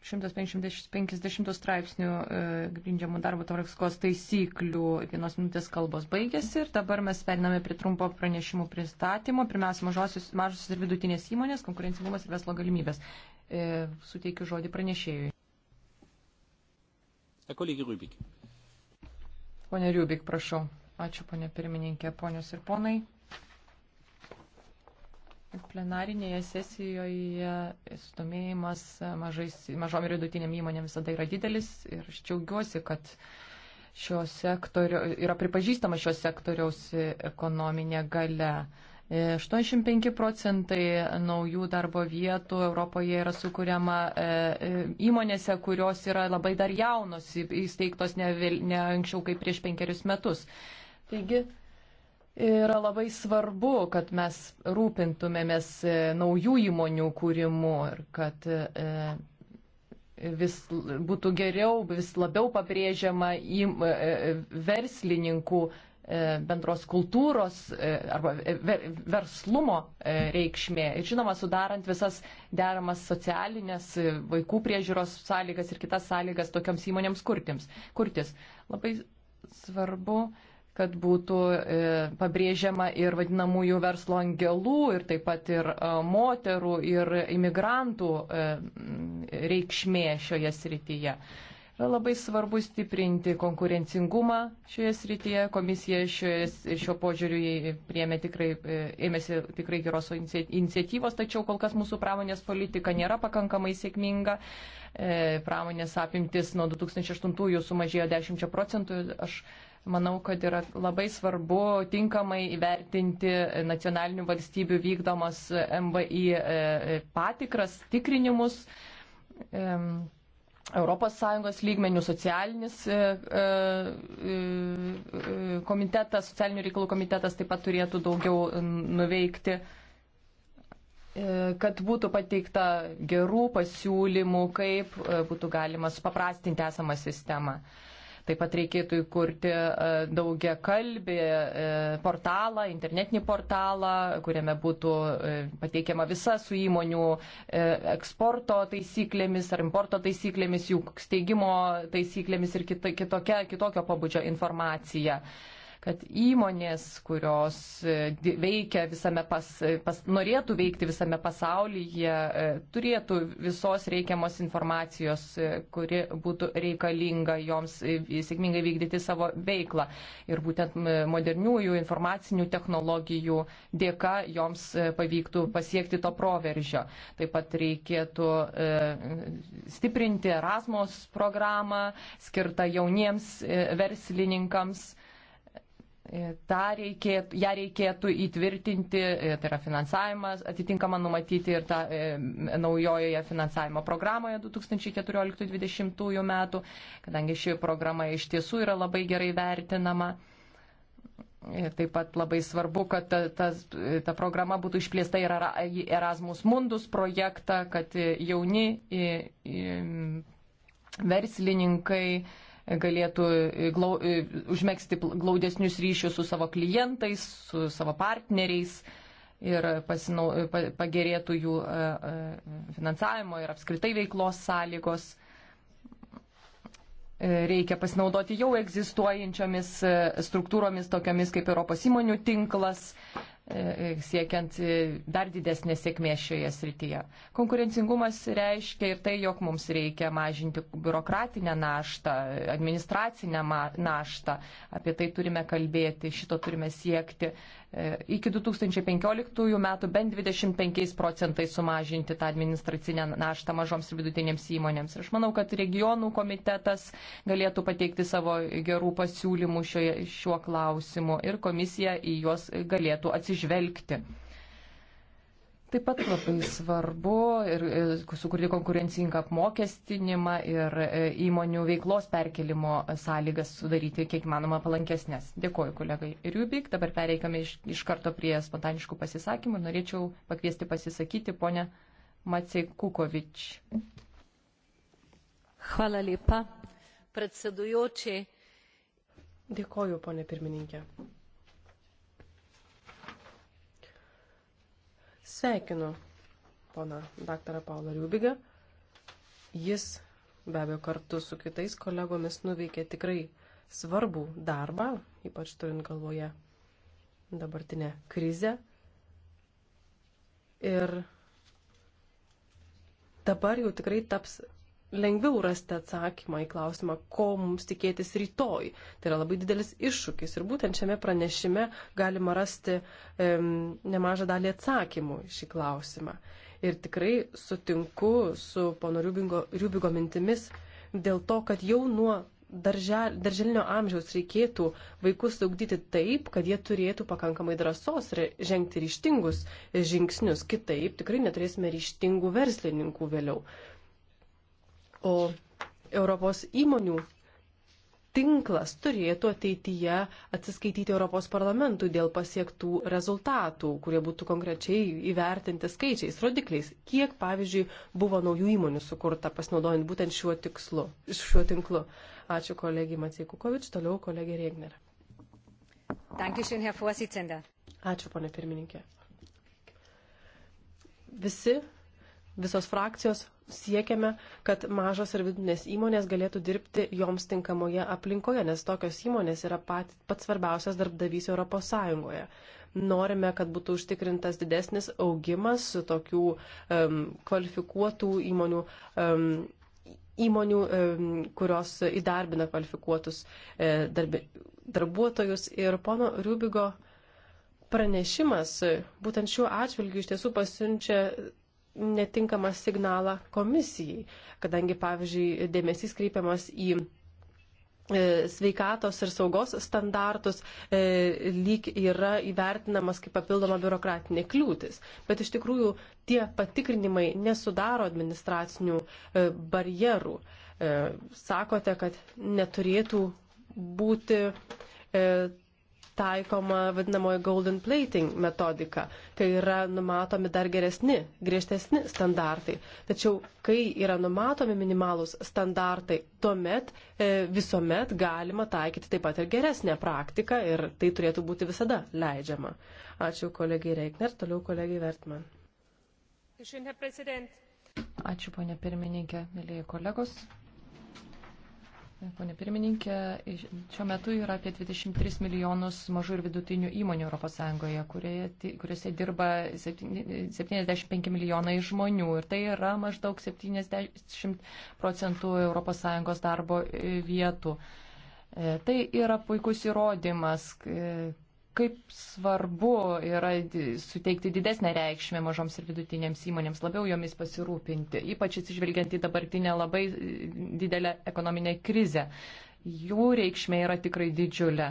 150 straipsnių e, grindžiamų darbo tvarkos taisyklių vienos minutės kalbos baigėsi ir dabar mes periname prie trumpo pranešimų pristatymo. Pirmiausia, mažosios, mažosios ir vidutinės įmonės, konkurencingumas ir veslo galimybės. E, suteikiu žodį pranešėjui. Kolegė Rubik. Pone Rubik, prašau. Ačiū, ponė pirmininkė, ponios ir ponai plenarinėje sesijoje sudomėjimas mažais, mažom ir vidutiniam įmonėm visada yra didelis ir aš džiaugiuosi, kad šio sektorio, yra pripažįstama šio sektoriaus ekonominė gale. 85 procentai naujų darbo vietų Europoje yra sukūriama e, e, įmonėse, kurios yra labai dar jaunos, įsteigtos ne, ne anksčiau kaip prieš penkerius metus. Taigi, Yra labai svarbu, kad mes rūpintumėmės e, naujų įmonių kūrimu ir kad e, vis būtų geriau, vis labiau pabrėžiama į e, verslininkų bendros kultūros arba verslumo reikšmė. Ir žinoma, sudarant visas deramas socialinės vaikų priežiūros sąlygas ir kitas sąlygas tokiams įmonėms kurtims, kurtis. Labai svarbu kad būtų e, pabrėžiama ir vadinamųjų verslo angelų, ir taip pat ir e, moterų, ir imigrantų e, reikšmė šioje srityje. Yra labai svarbu stiprinti konkurencingumą šioje srityje. Komisija šioje, šio požiūriu tikrai, ėmėsi tikrai geros iniciatyvos, tačiau kol kas mūsų pramonės politika nėra pakankamai sėkminga pramonės apimtis nuo 2008 sumažėjo 10 procentų. Aš Manau, kad yra labai svarbu tinkamai įvertinti nacionalinių valstybių vykdomas MVI e, e, patikras, tikrinimus. ES lygmenių socialinis e, komitetas, socialinių reikalų komitetas taip pat turėtų daugiau nuveikti kad būtų pateikta gerų pasiūlymų, kaip būtų galima supaprastinti esamą sistemą. Taip pat reikėtų įkurti e, daugia kalbį e, portalą, internetinį portalą, kuriame būtų e, pateikiama visa su įmonių eksporto taisyklėmis ar importo taisyklėmis, jų steigimo taisyklėmis ir kitokia, kitokio pabudžio informacija kad įmonės, kurios e, veikia visame pas, e, pas, norėtų veikti visame pasaulyje, e, turėtų visos reikiamos informacijos, kuri būtų reikalinga joms sėkmingai vykdyti savo veiklą. Ir būtent moderniųjų informacinių technologijų dėka joms pavyktų pasiekti to proveržio. Taip pat reikėtų stiprinti Erasmus programą skirtą jauniems verslininkams E, reikėtų, ją reikėtų įtvirtinti, e, tai yra finansavimas, atitinkamą numatyti ir tą e, naujojoje finansavimo programoje 2014-2020 metų, kadangi ši programa iš tiesų yra labai gerai vertinama. Ir e, taip pat labai svarbu, kad ta, ta, ta programa būtų išplėsta ir Erasmus Mundus projektą, kad jauni verslininkai galėtų e, glau, e, užmėgsti glaudesnius ryšius su savo klientais, su savo partneriais ir pasinau, e, pagerėtų jų finansavimo ir apskritai veiklos sąlygos. Reikia pasinaudoti jau egzistuojančiomis struktūromis, tokiamis kaip Europos įmonių tinklas, E, siekiant e, dar didesnės sėkmės šioje srityje. Konkurencingumas reiškia ir tai, jog mums reikia mažinti biurokratinę naštą, administracinę naštą. Apie tai turime kalbėti, šito turime siekti. E, iki 2015 metų bent 25 procentais sumažinti tą administracinę naštą mažoms ir vidutinėms įmonėms. Aš manau, kad regionų komitetas galėtų pateikti savo gerų pasiūlymų šio, šiuo klausimu ir komisija į juos galėtų atsižvelgti atsižvelgti. Taip pat labai svarbu ir e, sukurti konkurencingą apmokestinimą ir e, įmonių veiklos perkelimo sąlygas sudaryti kiek manoma palankesnės. Dėkuoju kolegai Riubik. Dabar pereikame iš, iš karto prie spontaniškų pasisakymų ir norėčiau pakviesti pasisakyti ponę Macej Kukovič. Hvala lepa. Predsedujoči. Dėkuoju, ponė pirmininkė. Sveikinu pona daktarą Paulą Riubigą. Jis be abejo kartu su kitais kolegomis nuveikė tikrai svarbų darbą, ypač turint galvoje dabartinę krizę. Ir dabar jau tikrai taps lengviau rasti atsakymą į klausimą, ko mums tikėtis rytoj. Tai yra labai didelis iššūkis ir būtent šiame pranešime galima rasti um, nemažą dalį atsakymų šį klausimą. Ir tikrai sutinku su pono Riubingo, Riubingo mintimis dėl to, kad jau nuo darželinio amžiaus reikėtų vaikus saugdyti taip, kad jie turėtų pakankamai drąsos žengti ryštingus žingsnius. Kitaip tikrai neturėsime ryštingų verslininkų vėliau. O Europos įmonių tinklas turėtų ateityje atsiskaityti Europos parlamentui dėl pasiektų rezultatų, kurie būtų konkrečiai įvertinti skaičiais, rodikliais, kiek, pavyzdžiui, buvo naujų įmonių sukurta pasinaudojant būtent šiuo tikslu, šiuo tinklu. Ačiū kolegijai Matsiekukovič, toliau kolegė Regner. Ačiū, ponė pirmininkė. Visi, visos frakcijos siekiame, kad mažos ir vidutinės įmonės galėtų dirbti joms tinkamoje aplinkoje, nes tokios įmonės yra pat, pats svarbiausias darbdavys ES. Norime, kad būtų užtikrintas didesnis augimas tokių um, kvalifikuotų įmonių. Um, Įmonių, um, kurios įdarbina kvalifikuotus e, darbi, darbuotojus ir pono Rubigo pranešimas būtent šiuo atžvilgiu iš tiesų pasiunčia netinkamą signalą komisijai, kadangi, pavyzdžiui, dėmesys kreipiamas į e, sveikatos ir saugos standartus e, lyg yra įvertinamas kaip papildoma biurokratinė kliūtis. Bet iš tikrųjų tie patikrinimai nesudaro administracinių e, barjerų. E, sakote, kad neturėtų būti e, taikoma vadinamoji golden plating metodika, kai yra numatomi dar geresni, griežtesni standartai. Tačiau, kai yra numatomi minimalūs standartai, tuomet e, visuomet galima taikyti taip pat ir geresnę praktiką ir tai turėtų būti visada leidžiama. Ačiū kolegijai Reikner, toliau kolegijai Vertman. Ačiū, ponė pirmininkė, mėlyje kolegos. Pone pirmininkė, šiuo metu yra apie 23 milijonus mažų ir vidutinių įmonių ES, kuriuose dirba 75 milijonai žmonių. Ir tai yra maždaug 70 procentų ES darbo e, vietų. E, tai yra puikus įrodymas, kaip svarbu yra suteikti didesnę reikšmę mažoms ir vidutinėms įmonėms, labiau jomis pasirūpinti, ypač atsižvelgiant į dabartinę labai didelę ekonominę krizę. Jų reikšmė yra tikrai didžiulė.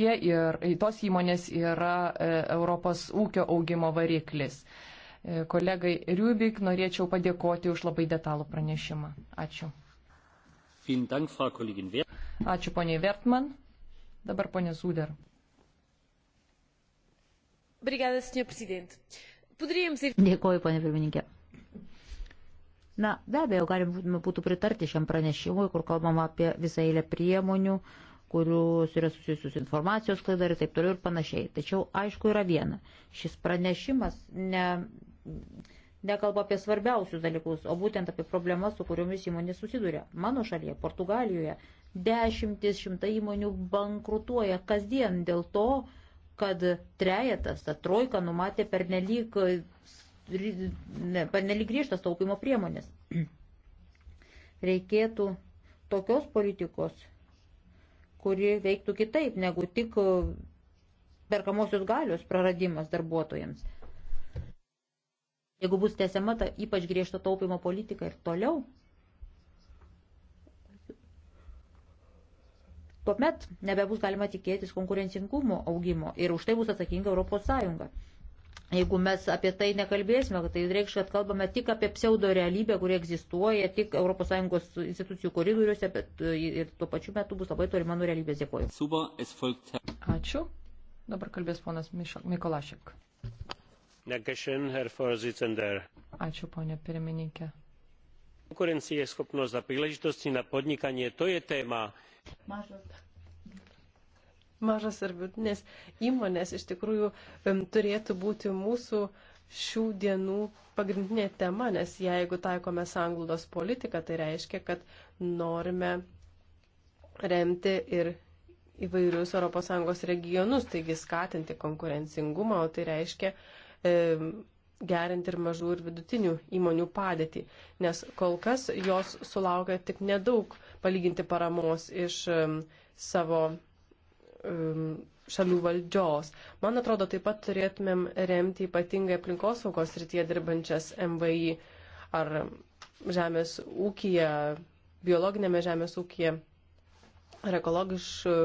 Jie ir tos įmonės yra e, Europos ūkio augimo variklis. E, kolegai Riubik norėčiau padėkoti už labai detalų pranešimą. Ačiū. Ačiū poniai Vertman. Dabar ponė Zuder. Obrigada, senhor prezidente. Poderíamos ir. Dėkoju, ponė pirmininkė. Na, be abejo, galima būtų pritarti šiam pranešimui, kur kalbama apie visą eilę priemonių, kurios yra susijusius informacijos klaida ir taip toliau ir panašiai. Tačiau aišku yra viena. Šis pranešimas ne, nekalba apie svarbiausius dalykus, o būtent apie problemas, su kuriomis įmonės susiduria. Mano šalyje, Portugalijoje, dešimtis šimtai įmonių bankrutuoja kasdien dėl to, kad trejetas, ta trojka numatė pernelyg, pernelyg griežtas taupimo priemonės. Reikėtų tokios politikos, kuri veiktų kitaip negu tik perkamosios galios praradimas darbuotojams. Jeigu bus tęsiama ta ypač griežta taupimo politika ir toliau, Tuomet nebebus galima tikėtis konkurencingumo augimo ir už tai bus atsakinga ES. Jeigu mes apie tai nekalbėsime, tai reikš, kad kalbame tik apie pseudo realybę, kuri egzistuoja tik ES institucijų koridoriuose, bet e, ir tuo pačiu metu bus labai toli mano realybės. Dėkuoju. Ačiū. Dabar kalbės ponas Mikolašek. Ačiū, ponė pirmininkė konkurencieschopnosť a príležitosti na podnikanie to je téma mažos ir vidutinės įmonės iš tikrųjų turėtų būti mūsų šių dienų pagrindinė tema, nes jeigu taikome sanglaudos politiką, tai reiškia, kad norime remti ir įvairius ES regionus, taigi skatinti konkurencingumą, o tai reiškia e, gerinti ir mažų ir vidutinių įmonių padėtį, nes kol kas jos sulaukia tik nedaug palyginti paramos iš um, savo um, šalių valdžios. Man atrodo, taip pat turėtumėm remti ypatingai aplinkosaugos rytie dirbančias MVI ar žemės ūkija, biologinėme žemės ūkija ar ekologiškų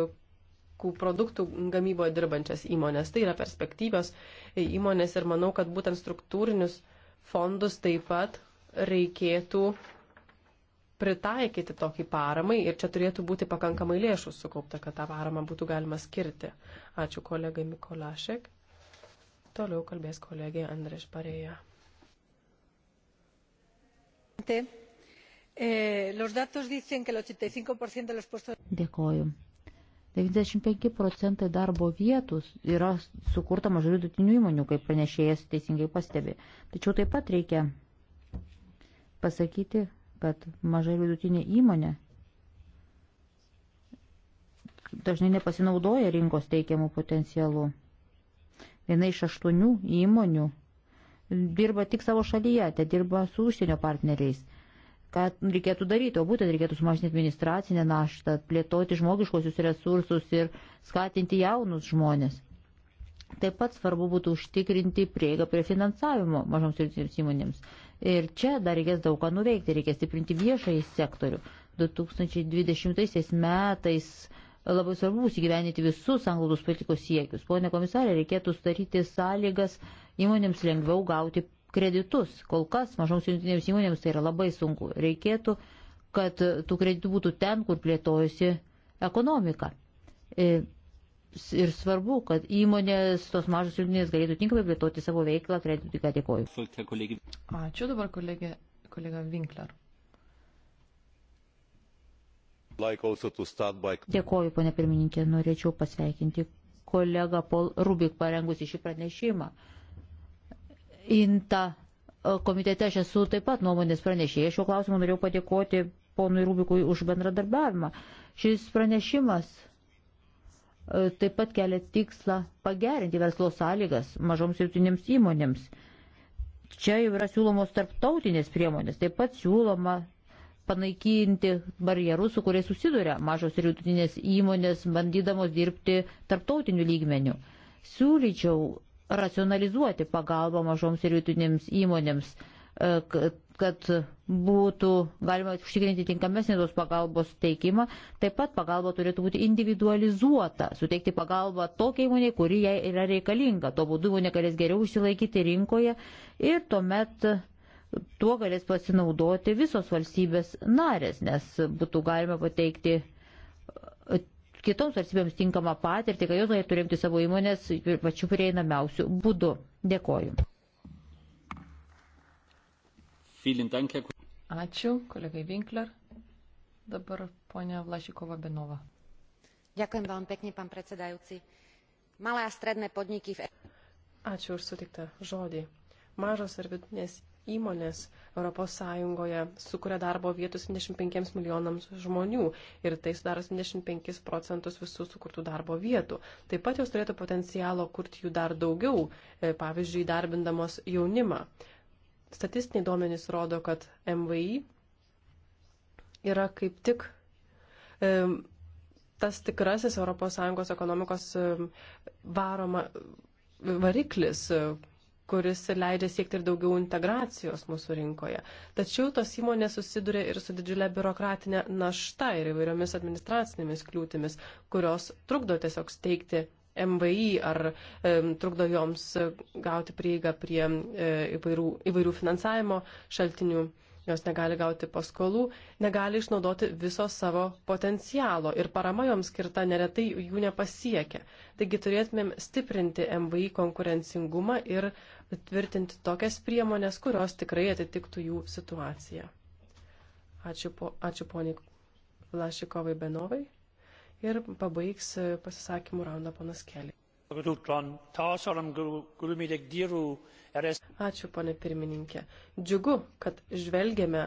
tokių produktų gamyboje dirbančias įmonės. Tai yra perspektyvios įmonės ir manau, kad būtent struktūrinius fondus taip pat reikėtų pritaikyti tokį paramai ir čia turėtų būti pakankamai lėšų sukaupta, kad tą paramą būtų galima skirti. Ačiū kolegai Mikolašek. Toliau kalbės kolegė Andrės Parėja. Eh, Dėkoju. 95 procentai darbo vietų yra sukurta mažų vidutinių įmonių, kaip pranešėjas teisingai pastebi. Tačiau taip pat reikia pasakyti, kad mažai vidutinė įmonė dažnai nepasinaudoja rinkos teikiamų potencialų. Viena iš aštuonių įmonių dirba tik savo šalyje, te dirba su užsienio partneriais ką reikėtų daryti, o būtent reikėtų sumažinti administracinę naštą, plėtoti žmogiškosius resursus ir skatinti jaunus žmonės. Taip pat svarbu būtų užtikrinti prieigą prie finansavimo mažoms ir vidutinėms įmonėms. Ir čia dar reikės daug ką nuveikti, reikės stiprinti viešąjį sektorių. 2020 metais labai svarbu bus įgyveninti visus anglodus politikos siekius. Pone komisarė, reikėtų sudaryti sąlygas įmonėms lengviau gauti kreditus. Kol kas mažoms vidutinėms įmonėms tai yra labai sunku. Reikėtų, kad tų kreditų būtų ten, kur plėtojasi ekonomika. E, ir svarbu, kad įmonės, tos mažos vidutinės galėtų tinkamai plėtoti savo veiklą. Kreditų tik dėkoju. Ačiū dabar kolegė, kolega Winkler. Like by... Dėkoju, ponė pirmininkė, norėčiau pasveikinti kolegą Paul Rubik parengusi šį pranešimą. Uh, Inta e, komitete aš esu taip pat nuomonės pranešėja. Šiuo klausimu norėjau padėkoti ponui Rubikui už bendradarbiavimą. Šis pranešimas e, taip pat kelia tikslą pagerinti verslo sąlygas mažoms ir tinėms įmonėms. Čia jau yra siūlomos tarptautinės priemonės, taip pat siūloma panaikinti barjerus, su kuriais susiduria mažos ir vidutinės įmonės, bandydamos dirbti tarptautiniu lygmeniu. Siūlyčiau racionalizuoti pagalbą mažoms ir vidutinėms įmonėms, e, kad būtų galima užtikrinti tinkamesnį tos pagalbos teikimą. Taip pat pagalba turėtų būti individualizuota, suteikti pagalbą tokiai įmonė, kuri jai yra reikalinga. Tuo būdu įmonė galės geriau išsilaikyti rinkoje ir tuomet tuo galės pasinaudoti visos valstybės narės, nes būtų galima pateikti kitoms valstybėms tinkamą patirtį, kad jos galėtų remti savo įmonės pačiu prieinamiausiu būdu. Dėkoju. Ačiū, kolegai Winkler. Dabar ponia Vlašikova Benova. Ďakujem veľmi pekne, pán predsedajúci. Malé a stredné podniky v... E- Ačiū už sutiktą žodį. Mažos ir vidutinės įmonės ES sukuria darbo vietų 75 milijonams žmonių ir tai sudaro 75 procentus visų sukurtų darbo vietų. Taip pat jos turėtų potencialo kurti jų dar daugiau, e, pavyzdžiui, darbindamos jaunimą. Statistiniai duomenys rodo, kad MVI yra kaip tik e, tas tikrasis ES ekonomikos e, varoma variklis, kuris leidžia siekti ir daugiau integracijos mūsų rinkoje. Tačiau tos įmonės susiduria ir su didžiulė biurokratinė našta ir įvairiomis administracinėmis kliūtimis, kurios trukdo tiesiog steigti MVI ar e, trukdo joms gauti prieigą prie e, įvairių, įvairių finansavimo šaltinių jos negali gauti paskolų, negali išnaudoti viso savo potencialo ir parama joms skirta neretai jų nepasiekia. Taigi turėtumėm stiprinti MVI konkurencingumą ir tvirtinti tokias priemonės, kurios tikrai atitiktų jų situaciją. Ačiū, po, ačiū poniai Lašikovai Benovai ir pabaigs pasisakymų raundą ponas Kelly. Ačiū, ponė pirmininkė. Džiugu, kad žvelgiame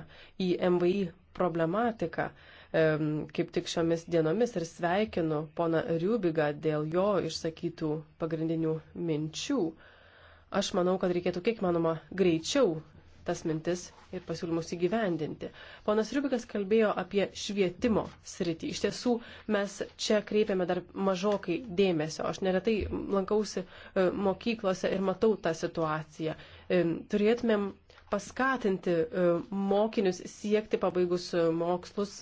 į MVI problematiką kaip tik šiomis dienomis ir sveikinu pona Riubigą dėl jo išsakytų pagrindinių minčių. Aš manau, kad reikėtų kiek manoma greičiau tas mintis ir pasiūlymus įgyvendinti. Ponas Riubikas kalbėjo apie švietimo sritį. Iš tiesų, mes čia kreipiame dar mažokai dėmesio. Aš neretai lankausi e, mokyklose ir matau tą situaciją. E, turėtumėm paskatinti e, mokinius siekti pabaigus mokslus,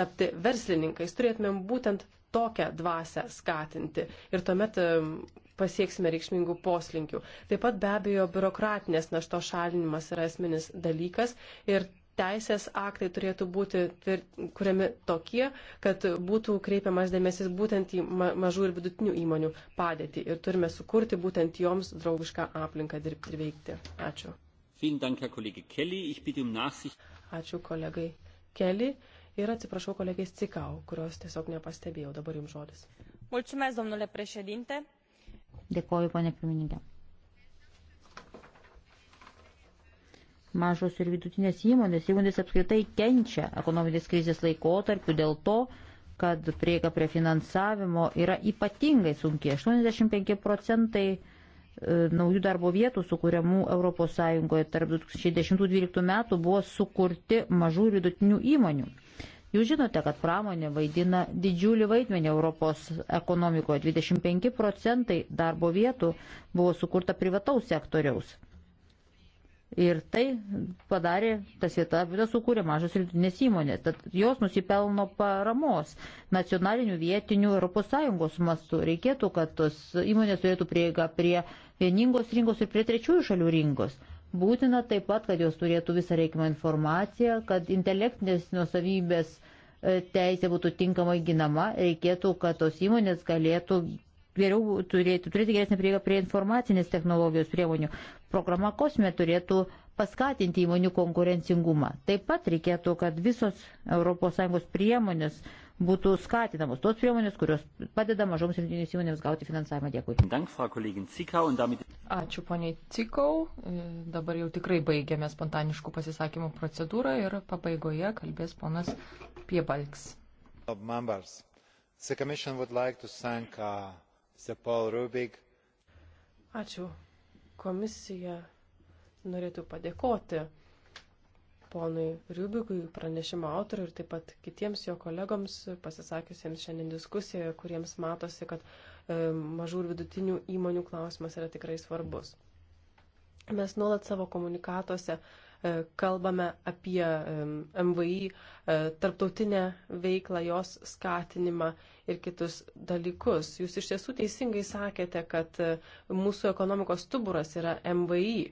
tapti verslininkais. Turėtumėm būtent tokią dvasę skatinti. Ir tuomet pasieksime reikšmingų poslinkių. Taip pat be abejo biurokratinės našto šalinimas yra esminis dalykas ir teisės aktai turėtų būti kuriami tokie, kad būtų kreipiamas dėmesys būtent į mažų ir vidutinių įmonių padėtį ir turime sukurti būtent joms draugišką aplinką dirbti ir veikti. Ačiū. Um Ačiū kolegai Kelly ir atsiprašau kolegės Cikau, kurios tiesiog nepastebėjau. Dabar jums žodis. Mulțumesc, domnule președinte Dėkoju, ponė pirmininkė. Mažos ir vidutinės įmonės, įmonės apskritai kenčia ekonominės krizės laikotarpiu dėl to, kad prieiga prie finansavimo yra ypatingai sunki. 85 procentai e, naujų darbo vietų sukūriamų ES tarp 2010-2012 metų buvo sukurti mažų ir vidutinių įmonių. Jūs žinote, kad pramonė vaidina didžiulį vaidmenį Europos ekonomikoje. 25 procentai darbo vietų buvo sukurta privataus sektoriaus. Ir tai padarė, tas vietas sukūrė mažos ir vidutinės įmonės. Tad jos nusipelno paramos nacionalinių vietinių ES mastų. Reikėtų, kad tos įmonės turėtų prieigą prie vieningos rinkos ir prie trečiųjų šalių rinkos. Būtina taip pat, kad jos turėtų visą reikimą informaciją, kad intelektinės nuosavybės e, teisė būtų tinkamai ginama, reikėtų, kad tos įmonės galėtų geriau turėti, turėti geresnį prieigą prie informacinės technologijos priemonių. Programa Kosme turėtų paskatinti įmonių konkurencingumą. Taip pat reikėtų, kad visos ES priemonės būtų skatinamos tos priemonės, kurios padeda mažoms ir vidutinėms įmonėms gauti finansavimą. Dėkui. Ačiū poniai Cikau. E, dabar jau tikrai baigėme spontaniškų pasisakymų procedūrą ir pabaigoje kalbės ponas Piebalks. Uh, Ačiū. Komisija norėtų padėkoti ponui Riubikui, pranešimo autoriui ir taip pat kitiems jo kolegoms pasisakiusiems šiandien diskusijoje, kuriems matosi, kad e, mažų ir vidutinių įmonių klausimas yra tikrai svarbus. Mes nuolat savo komunikatuose e, kalbame apie e, MVI, e, tarptautinę veiklą, jos skatinimą ir kitus dalykus. Jūs iš tiesų teisingai sakėte, kad e, mūsų ekonomikos stuburas yra MVI.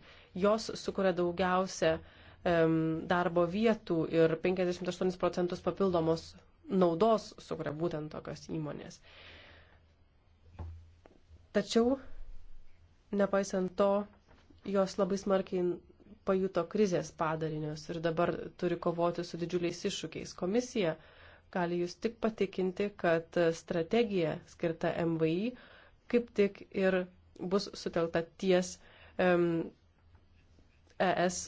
Jos sukuria daugiausia e, darbo vietų ir 58 procentus papildomos naudos sukuria būtent tokios įmonės. Tačiau, nepaisant to, jos labai smarkiai pajuto krizės padarinius ir dabar turi kovoti su didžiuliais iššūkiais. Komisija gali jūs tik patikinti, kad strategija skirta MVI kaip tik ir bus sutelta ties um, ES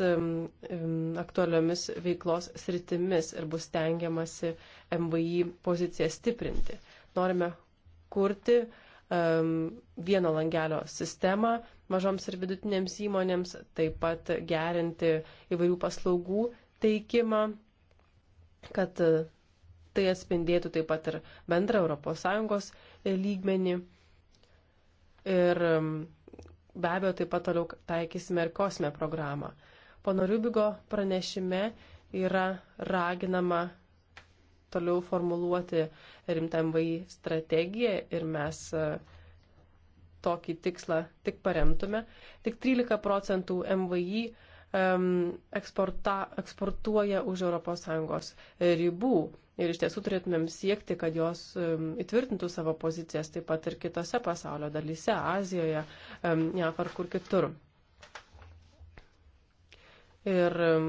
aktualiomis veiklos sritimis ir bus tengiamasi MVI poziciją stiprinti. Norime kurti um, vieno langelio sistemą mažoms ir vidutinėms įmonėms, taip pat gerinti įvairių paslaugų teikimą, kad e, tai atspindėtų taip pat ir bendrą ES e, lygmenį. Ir um, be abejo taip pat toliau taikysime ir kosme programą. Pono Rubigo pranešime yra raginama toliau formuluoti rimtam vai strategiją ir mes e, tokį tikslą tik paremtume. Tik 13 procentų MVI um, eksporta, eksportuoja už ES ribų Ir iš tiesų turėtumėm siekti, kad jos um, įtvirtintų savo pozicijas taip pat ir kitose pasaulio dalyse, Azijoje, um, JAF ar kur kitur. Ir um,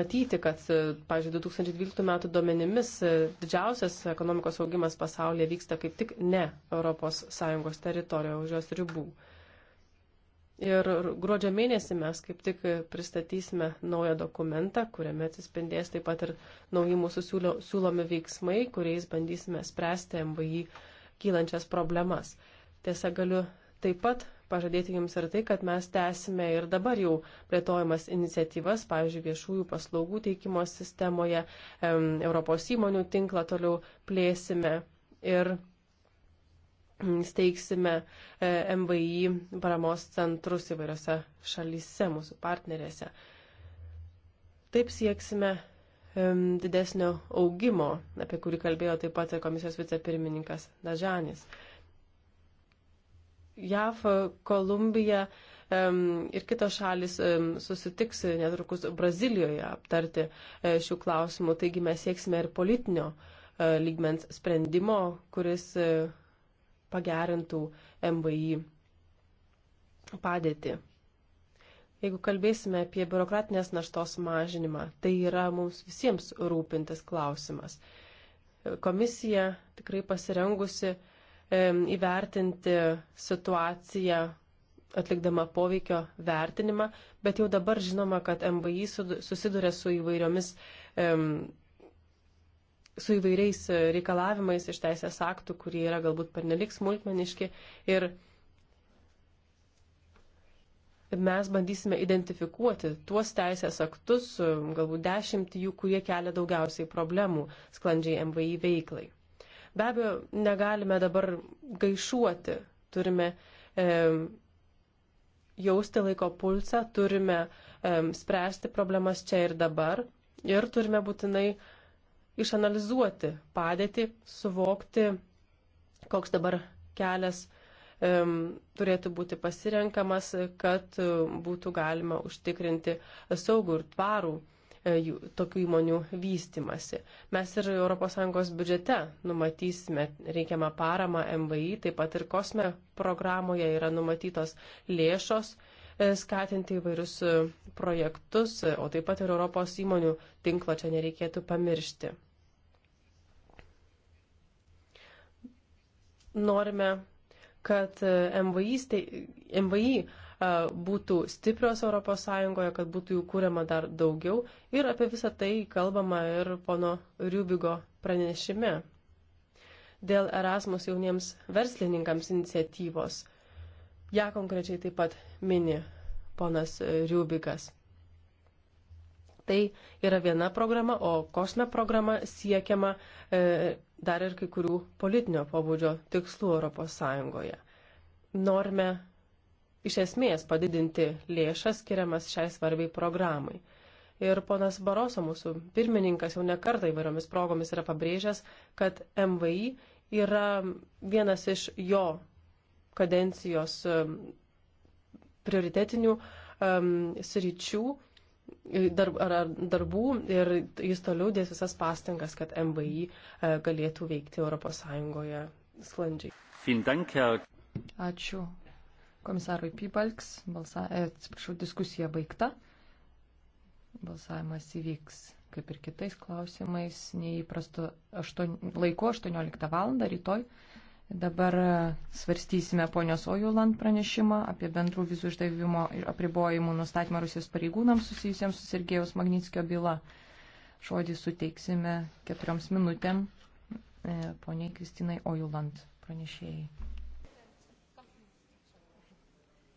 matyti, kad, pavyzdžiui, 2012 metų duomenimis e, didžiausias ekonomikos augimas pasaulyje vyksta kaip tik ne ES teritorijos už jos ribų. Ir gruodžio mėnesį mes kaip tik pristatysime naują dokumentą, kuriame atsispindės taip pat ir nauji mūsų siūlio, siūlomi veiksmai, kuriais bandysime spręsti MVI kylančias problemas. Tiesa, galiu taip pat pažadėti Jums ir tai, kad mes tęsime ir dabar jau plėtojamas iniciatyvas, pavyzdžiui, viešųjų paslaugų teikimo sistemoje, Europos įmonių tinklą toliau plėsime ir steigsime e, MVI paramos centrus įvairiose šalyse, mūsų partnerėse. Taip sieksime didesnio augimo, apie kurį kalbėjo taip pat ir komisijos vicepirmininkas Dažanis. JAV, Kolumbija ir kitos šalis susitiks netrukus Brazilijoje aptarti e, šių klausimų, taigi mes sieksime ir politinio e, lygmens sprendimo, kuris pagerintų MVI padėtį. Jeigu kalbėsime apie biurokratinės naštos mažinimą, tai yra mums visiems rūpintis klausimas. Komisija tikrai pasirengusi e, įvertinti situaciją atlikdama poveikio vertinimą, bet jau dabar žinoma, kad MVI susiduria su įvairiomis e, su įvairiais reikalavimais iš teisės aktų, kurie yra galbūt pernelik smulkmeniški. Ir mes bandysime identifikuoti tuos teisės aktus, galbūt dešimt jų, kurie kelia daugiausiai problemų sklandžiai MVI veiklai. Be abejo, negalime dabar gaišuoti, turime e, jausti laiko pulsą, turime e, spręsti problemas čia ir dabar ir turime būtinai e, išanalizuoti padėtį, suvokti, koks dabar kelias um, turėtų būti pasirenkamas, kad e, būtų galima užtikrinti saugų ir tvarų e, tokių įmonių vystimasi. Mes ir ES biudžete numatysime reikiamą paramą MVI, taip pat ir kosme programoje yra numatytos lėšos e, skatinti įvairius projektus, o taip pat ir Europos įmonių tinklo čia nereikėtų pamiršti. Norime, kad e, MVI, MVI e, būtų stiprios ES, kad būtų jų kūriama dar daugiau. Ir apie visą tai kalbama ir pono Riubigo pranešime dėl Erasmus jauniems verslininkams iniciatyvos. Ja konkrečiai taip pat mini ponas Riubigas. Tai yra viena programa, o kosme programa siekiama e, dar ir kai kurių politinio pobūdžio tikslų ES. Norime iš esmės padidinti lėšas skiriamas šiai svarbiai programai. Ir ponas Baroso, mūsų pirmininkas, jau nekartą įvairiomis progomis yra pabrėžęs, kad MVI yra vienas iš jo kadencijos um, prioritetinių um, sričių darb, ar, ar darbų ir jis toliau dės visas pastangas, kad MVI e, galėtų veikti ES sklandžiai. Ačiū komisarui Pibalks. Balsa, e, atsiprašau, diskusija baigta. Balsavimas įvyks kaip ir kitais klausimais, neįprastu aštuon, laiku 18 val. rytoj. Dabar svarstysime ponios Ojuland pranešimą apie bendrų vizų išdavimo ir apribojimų nustatymą Rusijos pareigūnams susijusiems su Sergejaus Magnitskio byla. Žodį suteiksime keturioms minutėm e, poniai Kristinai Ojuland pranešėjai.